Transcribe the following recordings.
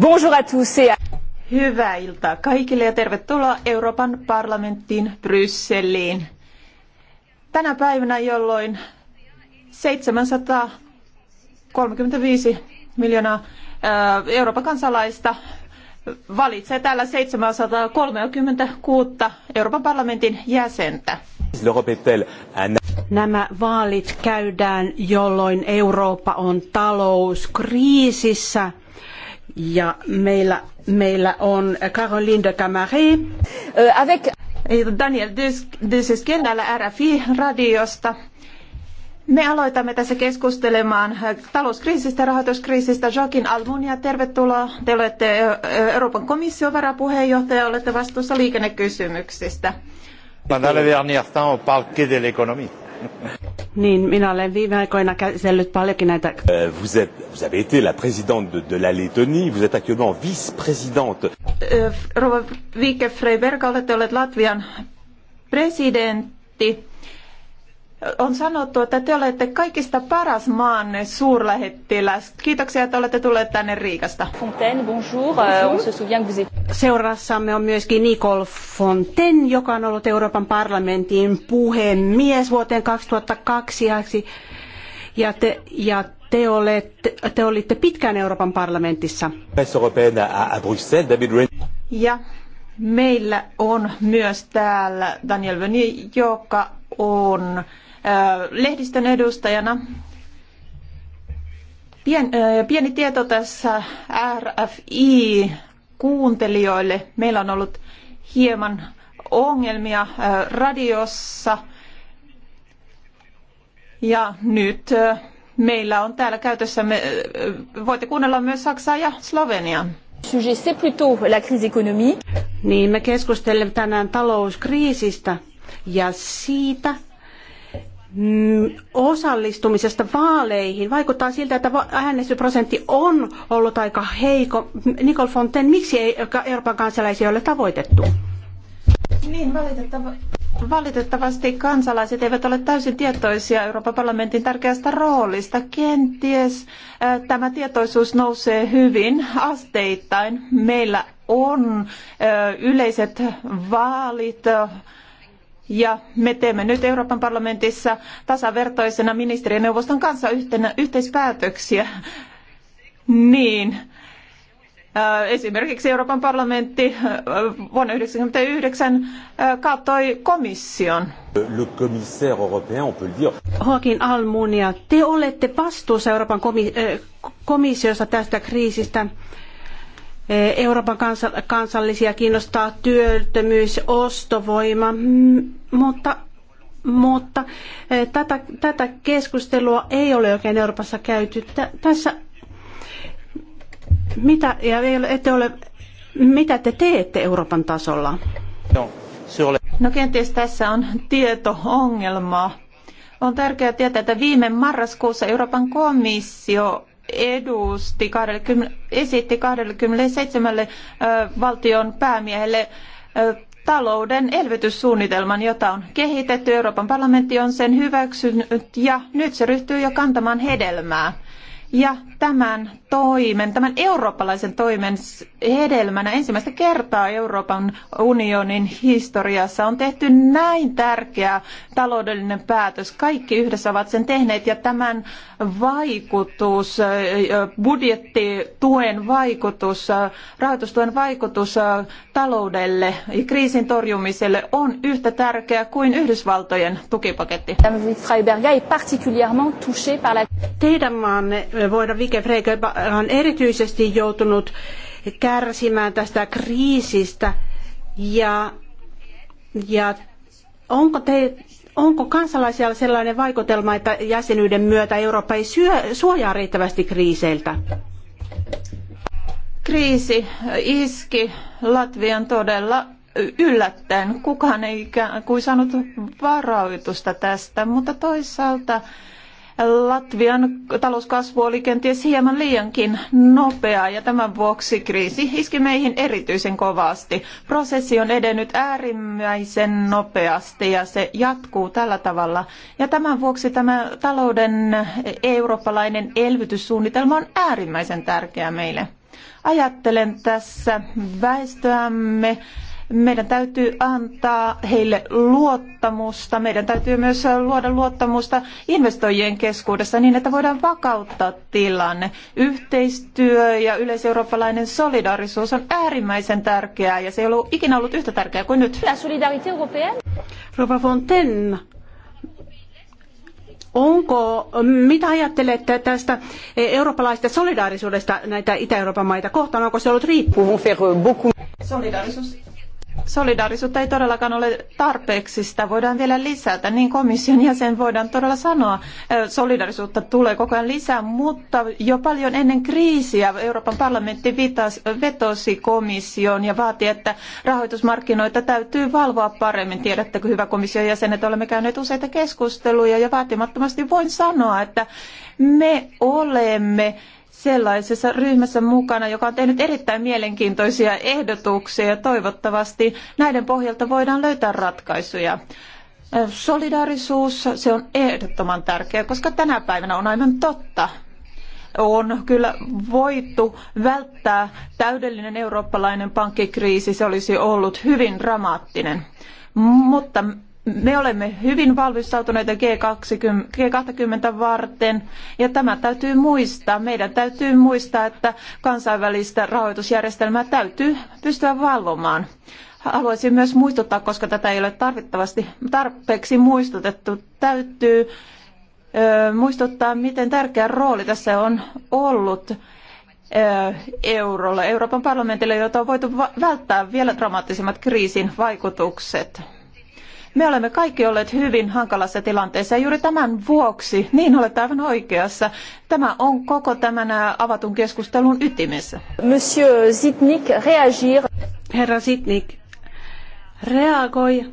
Bonjour à tous et à... Hyvää iltaa kaikille ja tervetuloa Euroopan parlamenttiin Brysseliin. Tänä päivänä, jolloin 735 miljoonaa äh, Euroopan kansalaista valitsee täällä 736 Euroopan parlamentin jäsentä. Nämä vaalit käydään, jolloin Eurooppa on talouskriisissä ja meillä, meillä on Caroline de Camaré. Avec Daniel Dyseskin RFI-radiosta. Me aloitamme tässä keskustelemaan talouskriisistä ja rahoituskriisistä. Joakin Almunia, tervetuloa. Te olette Euroopan komission varapuheenjohtaja ja olette vastuussa liikennekysymyksistä. Pendant le dernier temps, on parle que de l'économie. Niin, minä olen viime aikoina käsitellyt paljonkin näitä... Euh, vous, êtes, vous avez été la présidente de, de la Lettonie, vous êtes actuellement vice-présidente. Euh, Rova Vike Freiberg, olette olleet Latvian presidentti on sanottu, että te olette kaikista paras maanne suurlähettiläs. Kiitoksia, että olette tulleet tänne Riikasta. Fontaine, bonjour. bonjour. Euh, on se Seurassamme on myöskin Nicole Fontaine, joka on ollut Euroopan parlamentin puhemies vuoteen 2002 Ja te, ja te, olette, te olitte pitkään Euroopan parlamentissa. Ja meillä on myös täällä Daniel Vöni, joka on lehdistön edustajana. Pien, pieni tieto tässä RFI-kuuntelijoille. Meillä on ollut hieman ongelmia radiossa. Ja nyt meillä on täällä äh, voitte kuunnella myös Saksaa ja Slovenian. Niin, me keskustelemme tänään talouskriisistä ja siitä, osallistumisesta vaaleihin. Vaikuttaa siltä, että äänestysprosentti on ollut aika heikko. Nicole Fontaine, miksi ei Euroopan kansalaisia ole tavoitettu? Niin, valitettava, valitettavasti kansalaiset eivät ole täysin tietoisia Euroopan parlamentin tärkeästä roolista. Kenties äh, tämä tietoisuus nousee hyvin asteittain. Meillä on äh, yleiset vaalit ja me teemme nyt Euroopan parlamentissa tasavertoisena ministerineuvoston kanssa yhtenä, yhteispäätöksiä. Niin, äh, Esimerkiksi Euroopan parlamentti äh, vuonna 1999 äh, kaatoi komission. Le commissaire européen, on peut le dire. Almunia, te olette vastuussa Euroopan komi komissiossa tästä kriisistä. Euroopan kansallisia kiinnostaa työttömyys, ostovoima, mutta, mutta eh, tätä, tätä keskustelua ei ole oikein Euroopassa käyty. Tässä mitä, ja ette ole, mitä te teette Euroopan tasolla? No kenties tässä on tieto-ongelmaa. On tärkeää tietää, että viime marraskuussa Euroopan komissio edusti 20, esitti 27 valtion päämiehelle talouden elvytyssuunnitelman, jota on kehitetty. Euroopan parlamentti on sen hyväksynyt ja nyt se ryhtyy jo kantamaan hedelmää. Ja tämän toimen, tämän eurooppalaisen toimen hedelmänä ensimmäistä kertaa Euroopan unionin historiassa on tehty näin tärkeä taloudellinen päätös. Kaikki yhdessä ovat sen tehneet ja tämän vaikutus, budjettituen vaikutus, rahoitustuen vaikutus taloudelle ja kriisin torjumiselle on yhtä tärkeä kuin Yhdysvaltojen tukipaketti. Teidän maanne voida. Vike Freikö on erityisesti joutunut kärsimään tästä kriisistä ja, ja onko, te, onko kansalaisilla sellainen vaikutelma, että jäsenyyden myötä Eurooppa ei syö, suojaa riittävästi kriiseiltä? Kriisi iski Latvian todella yllättäen. Kukaan ei ikään kuin saanut varoitusta tästä, mutta toisaalta Latvian talouskasvu oli kenties hieman liiankin nopeaa ja tämän vuoksi kriisi iski meihin erityisen kovasti. Prosessi on edennyt äärimmäisen nopeasti ja se jatkuu tällä tavalla. Ja tämän vuoksi tämä talouden eurooppalainen elvytyssuunnitelma on äärimmäisen tärkeä meille. Ajattelen tässä väestöämme meidän täytyy antaa heille luottamusta. Meidän täytyy myös luoda luottamusta investoijien keskuudessa niin, että voidaan vakauttaa tilanne. Yhteistyö ja yleiseurooppalainen solidaarisuus on äärimmäisen tärkeää ja se ei ollut ikinä ollut yhtä tärkeää kuin nyt. La solidarité européenne. Rova Fontaine, Onko, mitä ajattelette tästä eurooppalaisesta solidaarisuudesta näitä Itä-Euroopan maita kohtaan? Onko se ollut riippuvuus? Solidaarisuus. Solidaarisuutta ei todellakaan ole tarpeeksi, sitä voidaan vielä lisätä. Niin komission jäsen voidaan todella sanoa, solidaarisuutta tulee koko ajan lisää, mutta jo paljon ennen kriisiä Euroopan parlamentti vetosi komissioon ja vaati, että rahoitusmarkkinoita täytyy valvoa paremmin. Tiedättekö, hyvä komission jäsen, että olemme käyneet useita keskusteluja ja vaatimattomasti voin sanoa, että me olemme sellaisessa ryhmässä mukana, joka on tehnyt erittäin mielenkiintoisia ehdotuksia ja toivottavasti näiden pohjalta voidaan löytää ratkaisuja. Solidaarisuus, se on ehdottoman tärkeä, koska tänä päivänä on aivan totta. On kyllä voitu välttää täydellinen eurooppalainen pankkikriisi, se olisi ollut hyvin dramaattinen. Mutta me olemme hyvin valmistautuneita G20, G20 varten ja tämä täytyy muistaa. Meidän täytyy muistaa, että kansainvälistä rahoitusjärjestelmää täytyy pystyä valvomaan. Haluaisin myös muistuttaa, koska tätä ei ole tarvittavasti tarpeeksi muistutettu, täytyy ö, muistuttaa, miten tärkeä rooli tässä on ollut eurolle, Euroopan parlamentille, jota on voitu välttää vielä dramaattisemmat kriisin vaikutukset. Me olemme kaikki olleet hyvin hankalassa tilanteessa ja juuri tämän vuoksi, niin olet aivan oikeassa, tämä on koko tämän avatun keskustelun ytimessä. Monsieur Zitnik, reagir. Herra Zitnik, reagoi.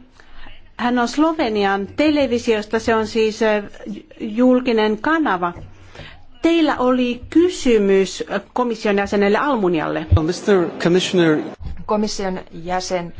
Hän on Slovenian televisiosta, se on siis julkinen kanava. Teillä oli kysymys komission jäsenelle Almunialle. Mr. Commissioner. Komission jäsen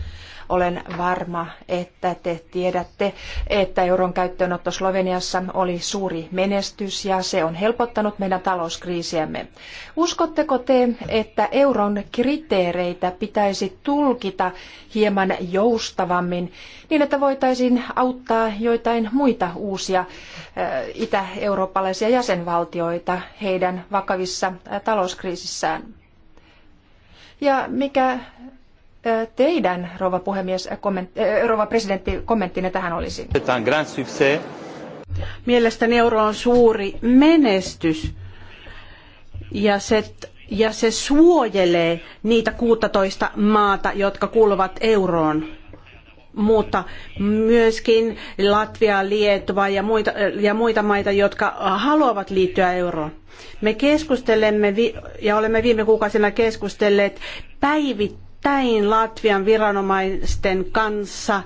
olen varma, että te tiedätte, että euron käyttöönotto Sloveniassa oli suuri menestys ja se on helpottanut meidän talouskriisiämme. Uskotteko te, että euron kriteereitä pitäisi tulkita hieman joustavammin niin, että voitaisiin auttaa joitain muita uusia itä-eurooppalaisia jäsenvaltioita heidän vakavissa talouskriisissään? Ja mikä teidän, rouva, puhemies, kommentti, rouva presidentti, kommenttinne tähän olisi? Mielestäni euro on suuri menestys ja se, ja se suojelee niitä 16 maata, jotka kuuluvat euroon mutta myöskin Latvia, Liettua ja muita, ja muita maita, jotka haluavat liittyä euroon. Me keskustelemme ja olemme viime kuukausina keskustelleet päivittäin päivittäin Latvian viranomaisten kanssa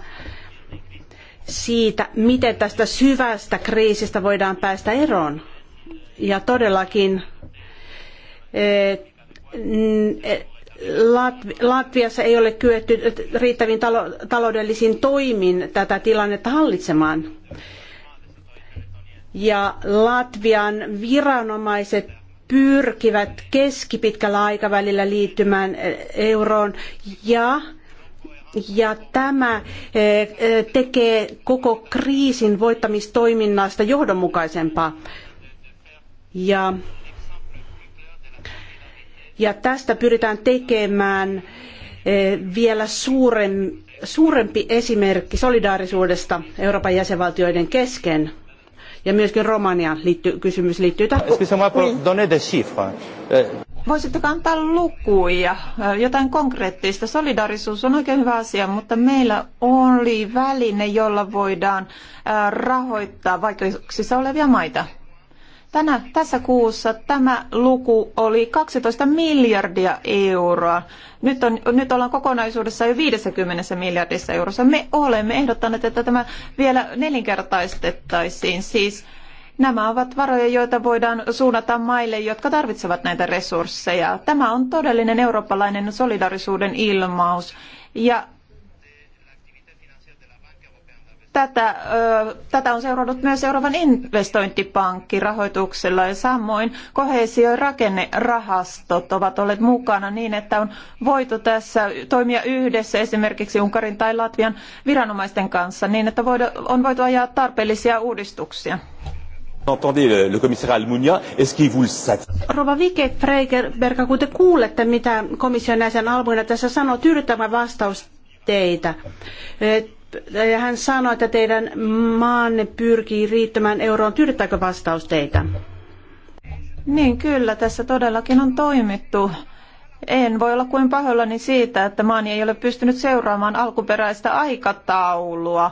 siitä, miten tästä syvästä kriisistä voidaan päästä eroon. Ja todellakin eh, Latviassa ei ole kyetty riittävin taloudellisin toimin tätä tilannetta hallitsemaan. Ja Latvian viranomaiset pyrkivät keskipitkällä aikavälillä liittymään eh, euroon ja ja tämä eh, eh, tekee koko kriisin voittamistoiminnasta johdonmukaisempaa. Ja, ja tästä pyritään tekemään vielä suurempi esimerkki solidaarisuudesta Euroopan jäsenvaltioiden kesken ja myöskin Romanian kysymys liittyy tähän. Niin. Eh. Voisitteko antaa lukuja, eh, jotain konkreettista? Solidarisuus on oikein hyvä asia, mutta meillä oli väline, jolla voidaan eh, rahoittaa vaikeuksissa olevia maita. Tänä, tässä kuussa tämä luku oli 12 miljardia euroa. Nyt, on, nyt ollaan kokonaisuudessa jo 50 miljardissa eurossa. Me olemme ehdottaneet, että tämä vielä nelinkertaistettaisiin. Siis Nämä ovat varoja, joita voidaan suunnata maille, jotka tarvitsevat näitä resursseja. Tämä on todellinen eurooppalainen solidarisuuden ilmaus. Ja Tätä, tätä on seurannut myös Euroopan investointipankki rahoituksella ja samoin kohesio- ja rakennerahastot ovat olleet mukana niin, että on voitu tässä toimia yhdessä esimerkiksi Unkarin tai Latvian viranomaisten kanssa niin, että on voitu ajaa tarpeellisia uudistuksia. Rouva le, Rova Vike kun te kuulette, mitä komission jäsen Almunia tässä sanoo, tyydyttävä vastaus teitä ja hän sanoi, että teidän maanne pyrkii riittämään euroon. Tyydyttääkö vastaus teitä? Niin kyllä, tässä todellakin on toimittu. En voi olla kuin pahoillani siitä, että maani ei ole pystynyt seuraamaan alkuperäistä aikataulua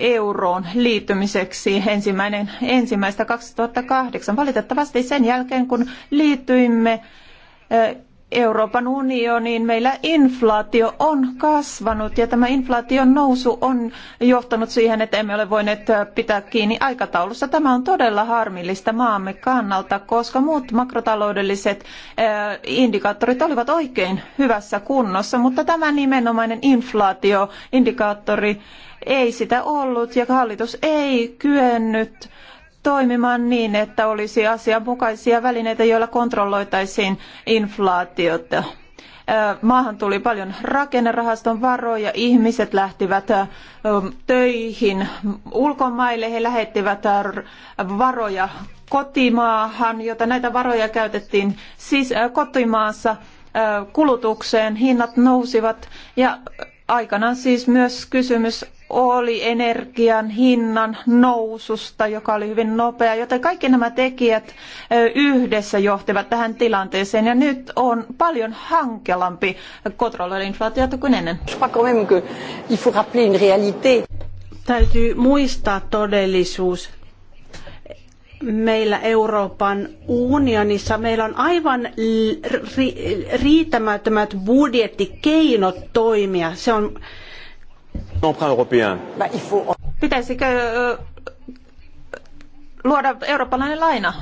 euroon liittymiseksi ensimmäinen, ensimmäistä 2008. Valitettavasti sen jälkeen, kun liityimme Euroopan unioniin meillä inflaatio on kasvanut ja tämä inflaation nousu on johtanut siihen, että emme ole voineet pitää kiinni aikataulussa. Tämä on todella harmillista maamme kannalta, koska muut makrotaloudelliset eh, indikaattorit olivat oikein hyvässä kunnossa, mutta tämä nimenomainen inflaatioindikaattori ei sitä ollut ja hallitus ei kyennyt toimimaan niin, että olisi asianmukaisia välineitä, joilla kontrolloitaisiin inflaatiota. Maahan tuli paljon rakennerahaston varoja, ihmiset lähtivät töihin ulkomaille, he lähettivät varoja kotimaahan, jota näitä varoja käytettiin siis kotimaassa kulutukseen, hinnat nousivat ja aikanaan siis myös kysymys oli energian hinnan noususta, joka oli hyvin nopea, joten kaikki nämä tekijät yhdessä johtivat tähän tilanteeseen ja nyt on paljon hankalampi kontrolloida inflaatiota kuin ennen. Täytyy muistaa todellisuus meillä Euroopan unionissa meillä on aivan riittämättömät budjettikeinot toimia. Se on européen. Bah, il Pitäisikö luoda eurooppalainen laina.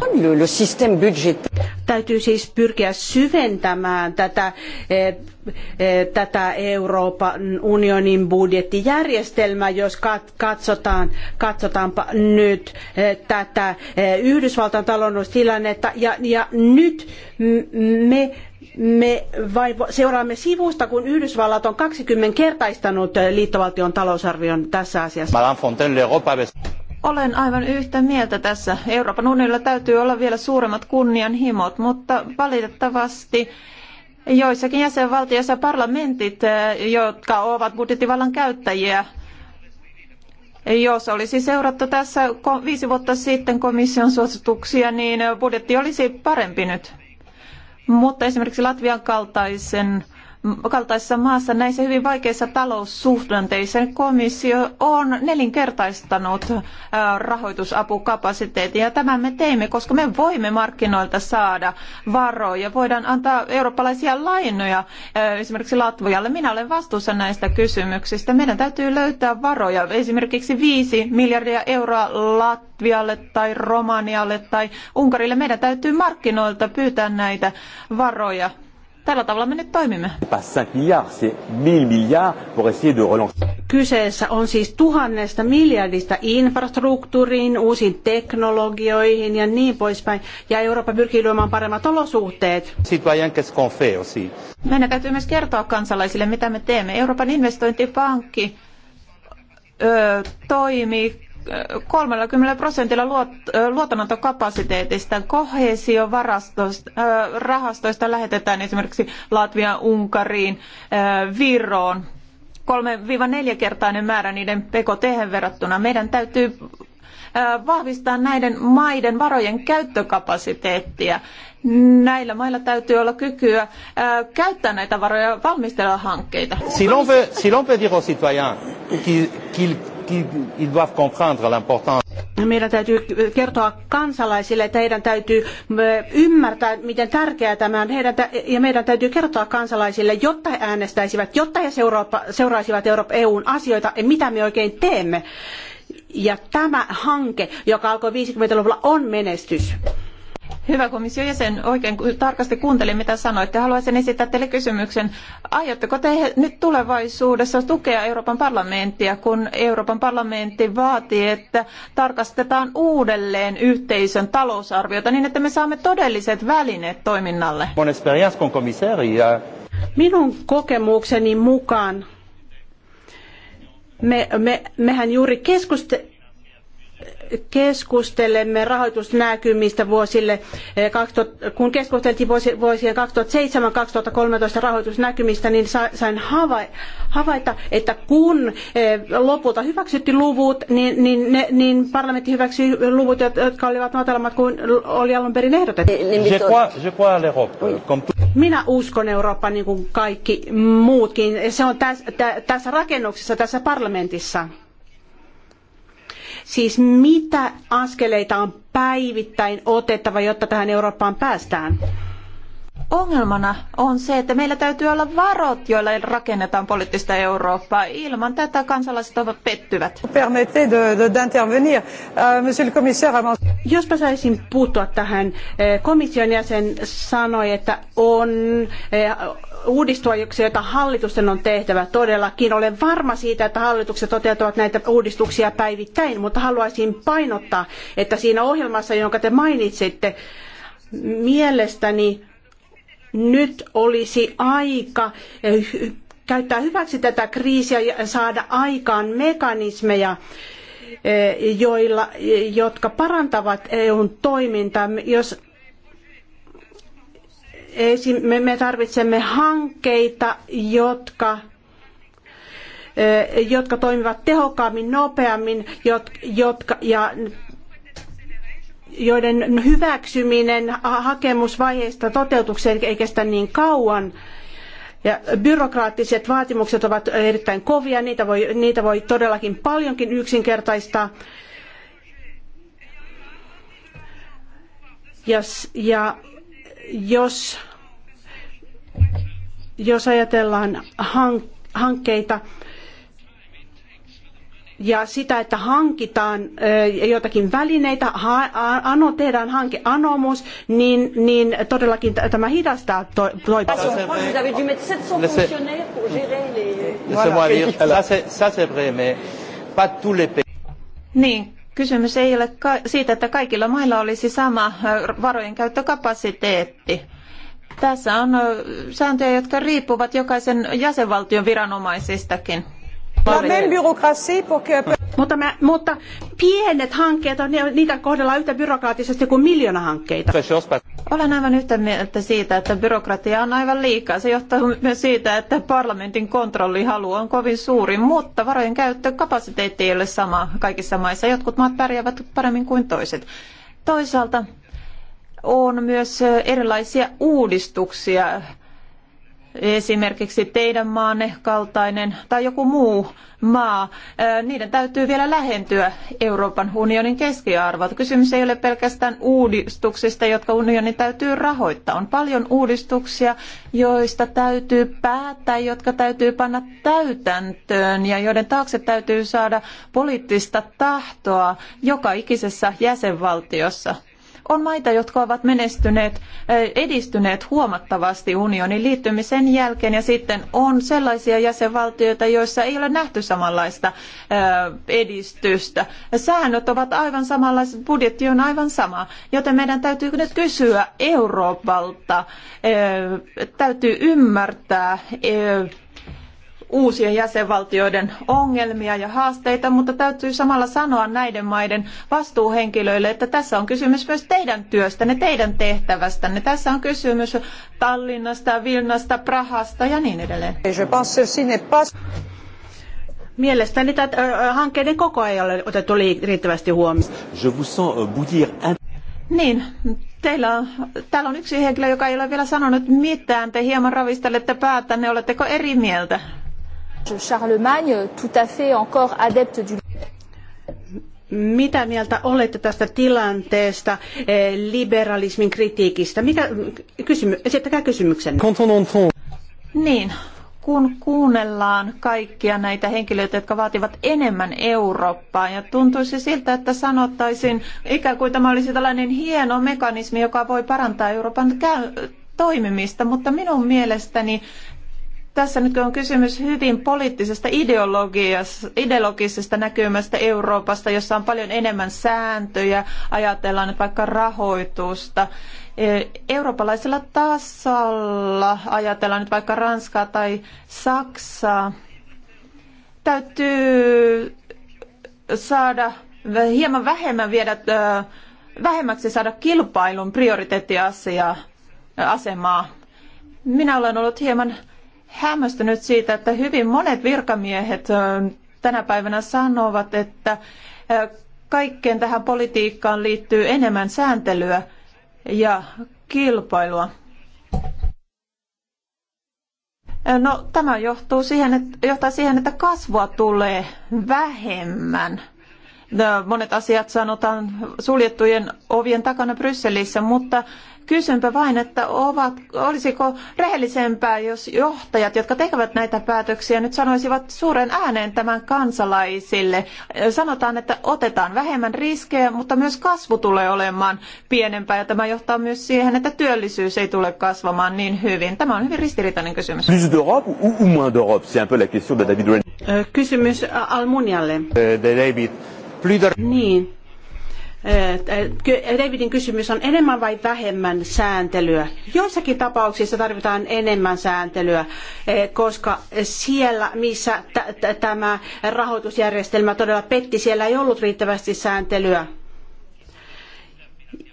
Täytyy siis pyrkiä syventämään tätä, e, e, tätä Euroopan unionin budjettijärjestelmää, jos katsotaan, katsotaanpa nyt e, tätä Yhdysvaltain taloudellista tilannetta. Ja, ja nyt me me vain seuraamme sivusta, kun Yhdysvallat on 20 kertaistanut eh, liittovaltion talousarvion tässä asiassa. Madame Fontaine, olen aivan yhtä mieltä tässä. Euroopan unionilla täytyy olla vielä suuremmat kunnianhimot, mutta valitettavasti joissakin jäsenvaltioissa parlamentit, eh, jotka ovat budjettivallan käyttäjiä, jos olisi seurattu tässä viisi vuotta sitten komission suosituksia, niin budjetti olisi parempi nyt. Mutta esimerkiksi Latvian kaltaisen kaltaisessa maassa näissä hyvin vaikeissa taloussuhdanteissa komissio on nelinkertaistanut rahoitusapukapasiteetin ja tämän me teimme, koska me voimme markkinoilta saada varoja. Voidaan antaa eurooppalaisia lainoja esimerkiksi Latvialle. Minä olen vastuussa näistä kysymyksistä. Meidän täytyy löytää varoja, esimerkiksi viisi miljardia euroa Latvialle tai Romanialle tai Unkarille. Meidän täytyy markkinoilta pyytää näitä varoja Tällä tavalla me nyt toimimme. Kyseessä on siis tuhannesta miljardista infrastruktuuriin, uusiin teknologioihin ja niin poispäin. Ja Eurooppa pyrkii luomaan paremmat olosuhteet. Meidän täytyy myös kertoa kansalaisille, mitä me teemme. Euroopan investointipankki ö, toimii 30 prosentilla luot, luotonantokapasiteetista, kohesiorahastoista lähetetään esimerkiksi Latviaan, Unkariin, Viroon. 3-4 kertainen määrä niiden PKT verrattuna. Meidän täytyy vahvistaa näiden maiden varojen käyttökapasiteettia. Näillä mailla täytyy olla kykyä käyttää näitä varoja ja valmistella hankkeita. Si l'on si dire aux citoyens qu'ils doivent comprendre l'importance. No, meidän täytyy kertoa kansalaisille, että heidän täytyy ymmärtää, miten tärkeää tämä on. Heidän ja meidän täytyy kertoa kansalaisille, jotta he äänestäisivät, jotta he seuraisivat Euroopan EUn asioita ja mitä me oikein teemme. Ja tämä hanke, joka alkoi 50-luvulla, on menestys. Hyvä komission jäsen, oikein tarkasti kuuntelin, mitä sanoitte. Haluaisin esittää teille kysymyksen. Aiotteko te nyt tulevaisuudessa tukea Euroopan parlamenttia, kun Euroopan parlamentti vaatii, että tarkastetaan uudelleen yhteisön talousarviota niin, että me saamme todelliset välineet toiminnalle? Minun kokemukseni mukaan me, me, mehän juuri keskustelimme, keskustelemme rahoitusnäkymistä vuosille, eh, kun keskusteltiin vuosien 2007-2013 rahoitusnäkymistä, niin sain havaita, että kun eh, lopulta hyväksyttiin luvut, niin, niin, ne, niin parlamentti hyväksyi luvut, jotka olivat matalammat kuin oli alun perin ehdotettu. Eh, niin, niin, niin, euh, Minä uskon Eurooppaan niin kuin kaikki muutkin. Se on tässä, tässä rakennuksessa, tässä parlamentissa. Siis mitä askeleita on päivittäin otettava, jotta tähän Eurooppaan päästään? Ongelmana on se, että meillä täytyy olla varot, joilla rakennetaan poliittista Eurooppaa. Ilman tätä kansalaiset ovat pettyvät. Euh, Jospa saisin puuttua tähän. Komission jäsen sanoi, että on uudistuksia, joita hallitusten on tehtävä todellakin. Olen varma siitä, että hallitukset toteuttavat näitä uudistuksia päivittäin, mutta haluaisin painottaa, että siinä ohjelmassa, jonka te mainitsitte, mielestäni nyt olisi aika eh, käyttää hyväksi tätä kriisiä ja saada aikaan mekanismeja, eh, joilla, eh, jotka parantavat EUn toimintaa. Jos me tarvitsemme hankkeita, jotka jotka toimivat tehokkaammin, nopeammin jotka, ja joiden hyväksyminen hakemusvaiheesta toteutukseen ei kestä niin kauan. Ja byrokraattiset vaatimukset ovat erittäin kovia, niitä voi, niitä voi todellakin paljonkin yksinkertaistaa. Jos, ja jos, jos ajatellaan hankkeita, ja sitä, että hankitaan jotakin välineitä, tehdään hankeanomus, anomus, niin, niin todellakin tämä hidastaa to, toipumista. Niin, kysymys ei ole siitä, että kaikilla mailla olisi sama varojen käyttökapasiteetti. Tässä on sääntöjä, jotka riippuvat jokaisen jäsenvaltion viranomaisistakin. Mutta, mä, mutta pienet hankkeet, niitä kohdellaan yhtä byrokraattisesti kuin miljoona hankkeita. Olen aivan yhtä mieltä siitä, että byrokratia on aivan liikaa. Se johtaa myös siitä, että parlamentin kontrollihalu on kovin suuri, mutta varojen käyttökapasiteetti ei ole sama kaikissa maissa. Jotkut maat pärjäävät paremmin kuin toiset. Toisaalta on myös erilaisia uudistuksia esimerkiksi teidän maanne kaltainen tai joku muu maa, niiden täytyy vielä lähentyä Euroopan unionin keskiarvot. Kysymys ei ole pelkästään uudistuksista, jotka unionin täytyy rahoittaa. On paljon uudistuksia, joista täytyy päättää, jotka täytyy panna täytäntöön ja joiden taakse täytyy saada poliittista tahtoa joka ikisessä jäsenvaltiossa on maita, jotka ovat menestyneet, edistyneet huomattavasti unionin liittymisen jälkeen ja sitten on sellaisia jäsenvaltioita, joissa ei ole nähty samanlaista edistystä. Säännöt ovat aivan samanlaiset, budjetti on aivan sama, joten meidän täytyy nyt kysyä Euroopalta, täytyy ymmärtää uusien jäsenvaltioiden ongelmia ja haasteita, mutta täytyy samalla sanoa näiden maiden vastuuhenkilöille, että tässä on kysymys myös teidän työstänne, teidän tehtävästänne. Tässä on kysymys Tallinnasta, Vilnasta, Prahasta ja niin edelleen. Mielestäni tätä hankkeiden koko ei ole otettu riittävästi huomioon. Niin, teillä on, täällä on yksi henkilö, joka ei ole vielä sanonut mitään. Te hieman ravistelette päätänne, oletteko eri mieltä? Charlemagne, tout à fait encore adepte du mitä mieltä olette tästä tilanteesta, eh, liberalismin kritiikistä? Mikä, kysymy, esittäkää kysymyksen. Niin, kun kuunnellaan kaikkia näitä henkilöitä, jotka vaativat enemmän Eurooppaa, ja tuntuisi siltä, että sanottaisin, ikään kuin tämä olisi tällainen hieno mekanismi, joka voi parantaa Euroopan toimimista, mutta minun mielestäni tässä nyt on kysymys hyvin poliittisesta ideologisesta näkymästä Euroopasta, jossa on paljon enemmän sääntöjä, ajatellaan nyt vaikka rahoitusta. E, eurooppalaisella tasolla, ajatellaan nyt vaikka Ranskaa tai Saksaa, täytyy saada hieman vähemmän viedä, vähemmäksi saada kilpailun prioriteettiasemaa. Minä olen ollut hieman hämmästynyt siitä, että hyvin monet virkamiehet tänä päivänä sanovat, että kaikkeen tähän politiikkaan liittyy enemmän sääntelyä ja kilpailua. No, tämä johtuu siihen, että, johtaa siihen, että kasvua tulee vähemmän. Äh, monet asiat sanotaan suljettujen ovien takana Brysselissä, mutta kysynpä vain, että ovat, olisiko rehellisempää, jos johtajat, jotka tekevät näitä päätöksiä, nyt sanoisivat suuren ääneen tämän kansalaisille. Sanotaan, että otetaan vähemmän riskejä, mutta myös kasvu tulee olemaan pienempää ja tämä johtaa myös siihen, että työllisyys ei tule kasvamaan niin hyvin. Tämä on hyvin ristiriitainen kysymys. Plus d'Europe ou moins d'Europe, c'est un peu la question de David äh, Kysymys Almunialle. Euh, David. Niin. Davidin kysymys on enemmän vai vähemmän sääntelyä. Joissakin tapauksissa tarvitaan enemmän sääntelyä, e, koska siellä, missä tämä rahoitusjärjestelmä todella petti, siellä ei ollut riittävästi sääntelyä.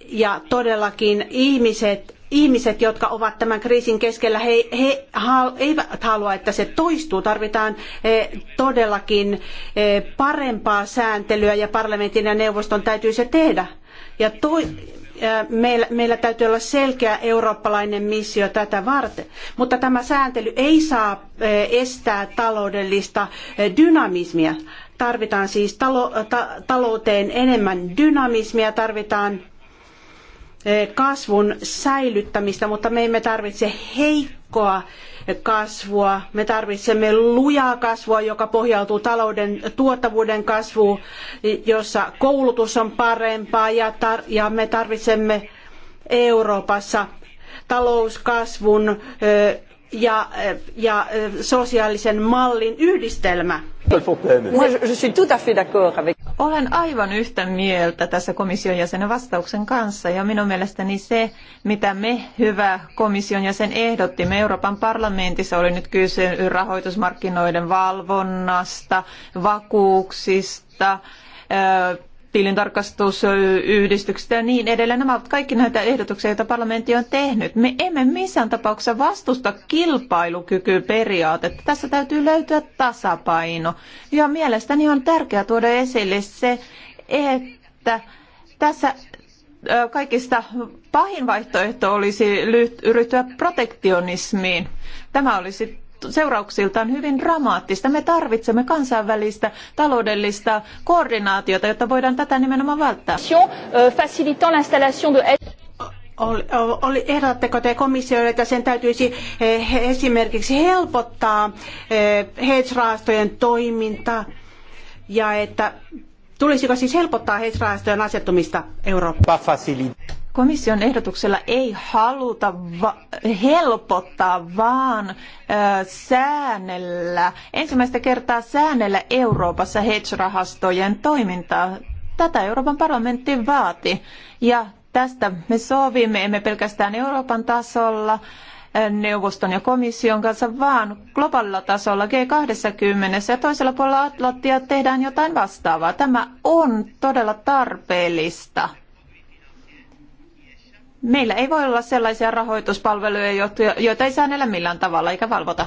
Ja todellakin ihmiset ihmiset, jotka ovat tämän kriisin keskellä, he, he eivät halua, että se toistuu. Tarvitaan eh, todellakin eh, parempaa sääntelyä ja parlamentin ja neuvoston täytyy se tehdä. Ja toi, eh, meillä, meillä täytyy olla selkeä eurooppalainen missio tätä varten. Mutta tämä sääntely ei saa estää taloudellista dynamismia. Tarvitaan siis talouteen enemmän dynamismia, tarvitaan Eh, kasvun säilyttämistä, mutta me emme tarvitse heikkoa kasvua. Me tarvitsemme lujaa kasvua, joka pohjautuu talouden tuottavuuden kasvuun, jossa koulutus on parempaa ja, me tarvitsemme Euroopassa talouskasvun eh, ja, ja äh, sosiaalisen mallin yhdistelmä. Olen aivan yhtä mieltä tässä komission jäsenen vastauksen kanssa ja minun mielestäni se, mitä me hyvä komission jäsen ehdottimme Euroopan parlamentissa, oli nyt kyse rahoitusmarkkinoiden valvonnasta, vakuuksista, tilintarkastusyhdistykset ja niin edelleen. Nämä ovat kaikki näitä ehdotuksia, joita parlamentti on tehnyt. Me emme missään tapauksessa vastusta kilpailukykyperiaatetta. Tässä täytyy löytyä tasapaino. Ja mielestäni on tärkeää tuoda esille se, että tässä kaikista pahin vaihtoehto olisi ryhtyä protektionismiin. Tämä olisi seurauksiltaan hyvin dramaattista. Me tarvitsemme kansainvälistä taloudellista koordinaatiota, jotta voidaan tätä nimenomaan välttää. Oli, oli, ehdotatteko te komissioille, että sen täytyisi eh, esimerkiksi helpottaa hedge-rahastojen eh, toimintaa ja että tulisiko siis helpottaa hedge-rahastojen asettumista Eurooppaan? komission ehdotuksella ei haluta helpottaa, vaan säännellä, ensimmäistä kertaa säännellä Euroopassa hedge-rahastojen toimintaa. Tätä Euroopan parlamentti vaati ja tästä me sovimme, emme pelkästään Euroopan tasolla, neuvoston ja komission kanssa, vaan globaalilla tasolla G20 ja toisella puolella Atlanttia tehdään jotain vastaavaa. Tämä on todella tarpeellista. Meillä ei voi olla sellaisia rahoituspalveluja, joita ei säännellä millään tavalla eikä valvota.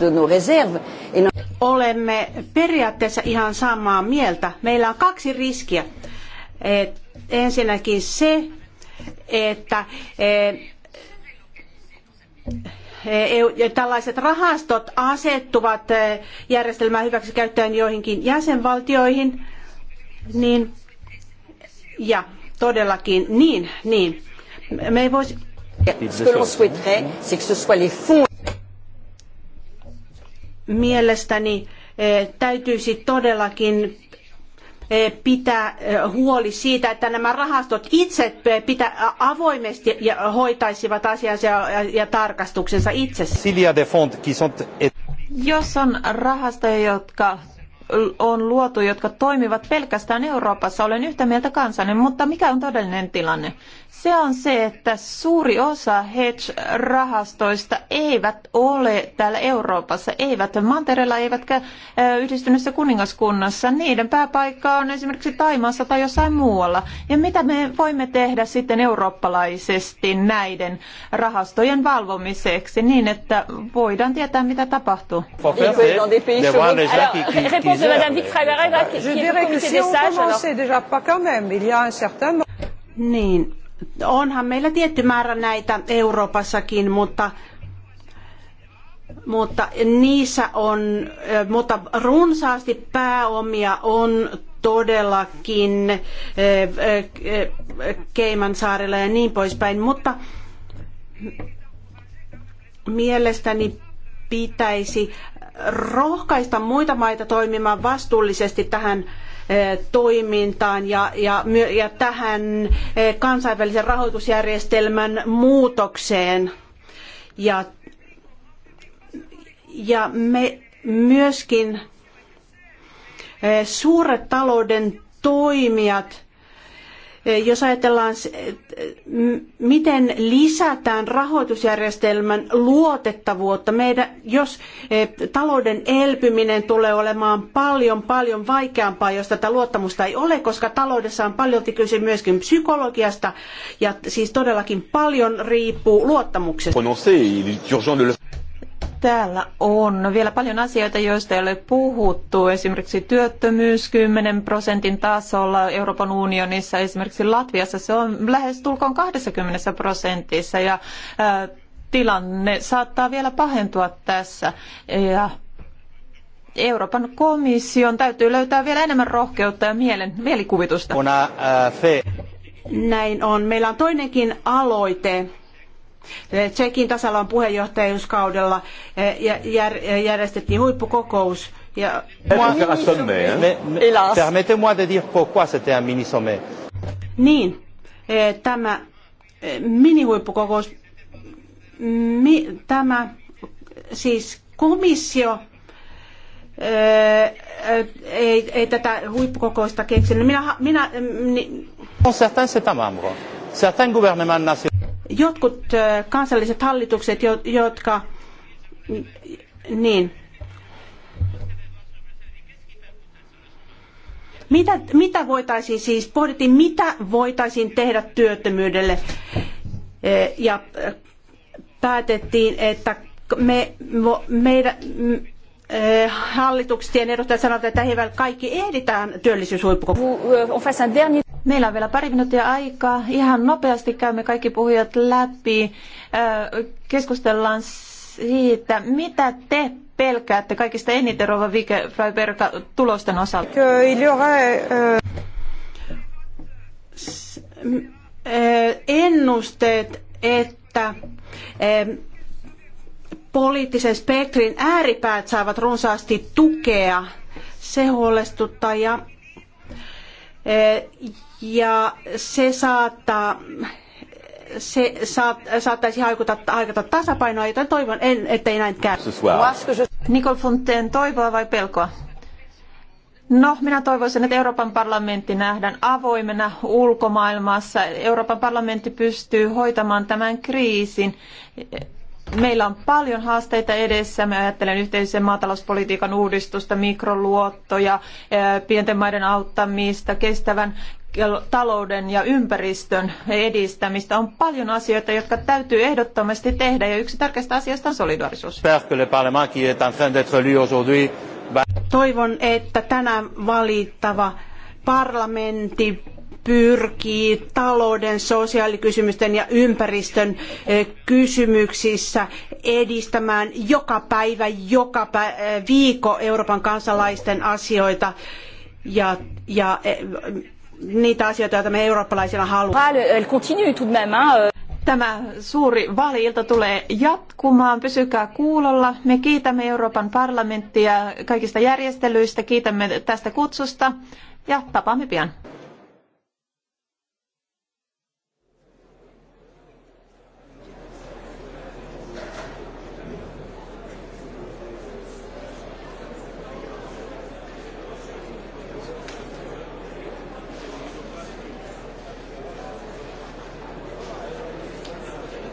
No- Olemme periaatteessa ihan samaa mieltä. Meillä on kaksi riskiä. Et ensinnäkin se, että eh, eh, tällaiset rahastot asettuvat e, eh, hyväksi käyttäen joihinkin jäsenvaltioihin, niin ja todellakin niin, niin. Me ei voisi... Mielestäni eh, täytyisi todellakin eh, pitää eh, huoli siitä, että nämä rahastot itse pitää avoimesti ja hoitaisivat asiansa ja tarkastuksensa itse. Jos on rahastoja, jotka on luotu, jotka toimivat pelkästään Euroopassa. Olen yhtä mieltä kansanne, mutta mikä on todellinen tilanne? Se on se, että suuri osa hedge-rahastoista eivät ole täällä Euroopassa, eivät mantereella, eivätkä yhdistyneessä kuningaskunnassa. Niiden pääpaikka on esimerkiksi Taimaassa tai jossain muualla. Ja mitä me voimme tehdä sitten eurooppalaisesti näiden rahastojen valvomiseksi niin, että voidaan tietää, mitä tapahtuu? de Madame Vic Wittfreiberg, qui est du comité des sages. Alors... déjà pas quand même, il y a un certain... Niin, onhan meillä tietty määrä näitä Euroopassakin, mutta mutta niissä on, mutta runsaasti pääomia on todellakin Keimansaarilla ja niin poispäin, mutta mielestäni pitäisi rohkaista muita maita toimimaan vastuullisesti tähän eh, toimintaan ja, ja, ja tähän eh, kansainvälisen rahoitusjärjestelmän muutokseen. Ja, ja me myöskin eh, suuret talouden toimijat Eh, jos ajatellaan, eh, eh, miten lisätään rahoitusjärjestelmän luotettavuutta, meidän, jos talouden elpyminen tulee olemaan paljon, paljon vaikeampaa, jos tätä luottamusta ei ole, koska taloudessa on paljon kyse myöskin psykologiasta, ja siis todellakin paljon riippuu luottamuksesta. Täällä on vielä paljon asioita, joista ei ole puhuttu. Esimerkiksi työttömyys 10 prosentin tasolla Euroopan unionissa, esimerkiksi Latviassa se on lähes tulkoon 20 prosentissa ja tilanne saattaa vielä pahentua tässä. Ja Euroopan komission täytyy löytää vielä enemmän rohkeutta ja mielen, mielikuvitusta. Näin on. Meillä on toinenkin aloite Tsekin tasavallan puheenjohtajuuskaudella eh, eh, järjestettiin huippukokous ja... Permettez-moi de dire pourquoi c'était un mini-sommet. Niin, eh, tämä minihuippukokous, mi, tämä siis komissio ei, ei tätä huippukokousta keksinyt. Minä, minä, mm, ni... Certains États membres, certains gouvernements nationaux jotkut kansalliset hallitukset, jotka niin. Mitä, mitä voitaisiin siis, pohdittiin mitä voitaisiin tehdä työttömyydelle ja päätettiin, että me, meidän, Eh, hallituksien edustajat sanovat, että he kaikki ehditään työllisyyshuippukokoukseen. Euh, Meillä on vielä pari minuuttia aikaa. Ihan nopeasti käymme kaikki puhujat läpi. Keskustellaan siitä, mitä te pelkäätte kaikista eniten Rova Vike tulosten osalta? Ennusteet, että poliittisen spektrin ääripäät saavat runsaasti tukea. Se huolestuttaa ja, eh, ja se saattaa se saat, saattaisi haikuta, haikata tasapainoa, joten toivon, en, ettei näin käy. Nicole Fontaine, toivoa vai pelkoa? No, minä toivoisin, että Euroopan parlamentti nähdään avoimena ulkomaailmassa. Euroopan parlamentti pystyy hoitamaan tämän kriisin meillä on paljon haasteita edessä. Mä ajattelen yhteisen maatalouspolitiikan uudistusta, mikroluottoja, eh, pienten maiden auttamista, kestävän talouden ja ympäristön edistämistä. On paljon asioita, jotka täytyy ehdottomasti tehdä ja yksi tärkeistä asioista on solidaarisuus. Toivon, että tänään valittava parlamentti pyrkii talouden, sosiaalikysymysten ja ympäristön eh, kysymyksissä edistämään joka päivä, joka pä- eh, viikko Euroopan kansalaisten asioita ja, ja eh, niitä asioita, joita me eurooppalaisina haluamme. Ah, euh. Tämä suuri vaaliilta tulee jatkumaan. Pysykää kuulolla. Me kiitämme Euroopan parlamenttia kaikista järjestelyistä, kiitämme tästä kutsusta ja tapaamme pian.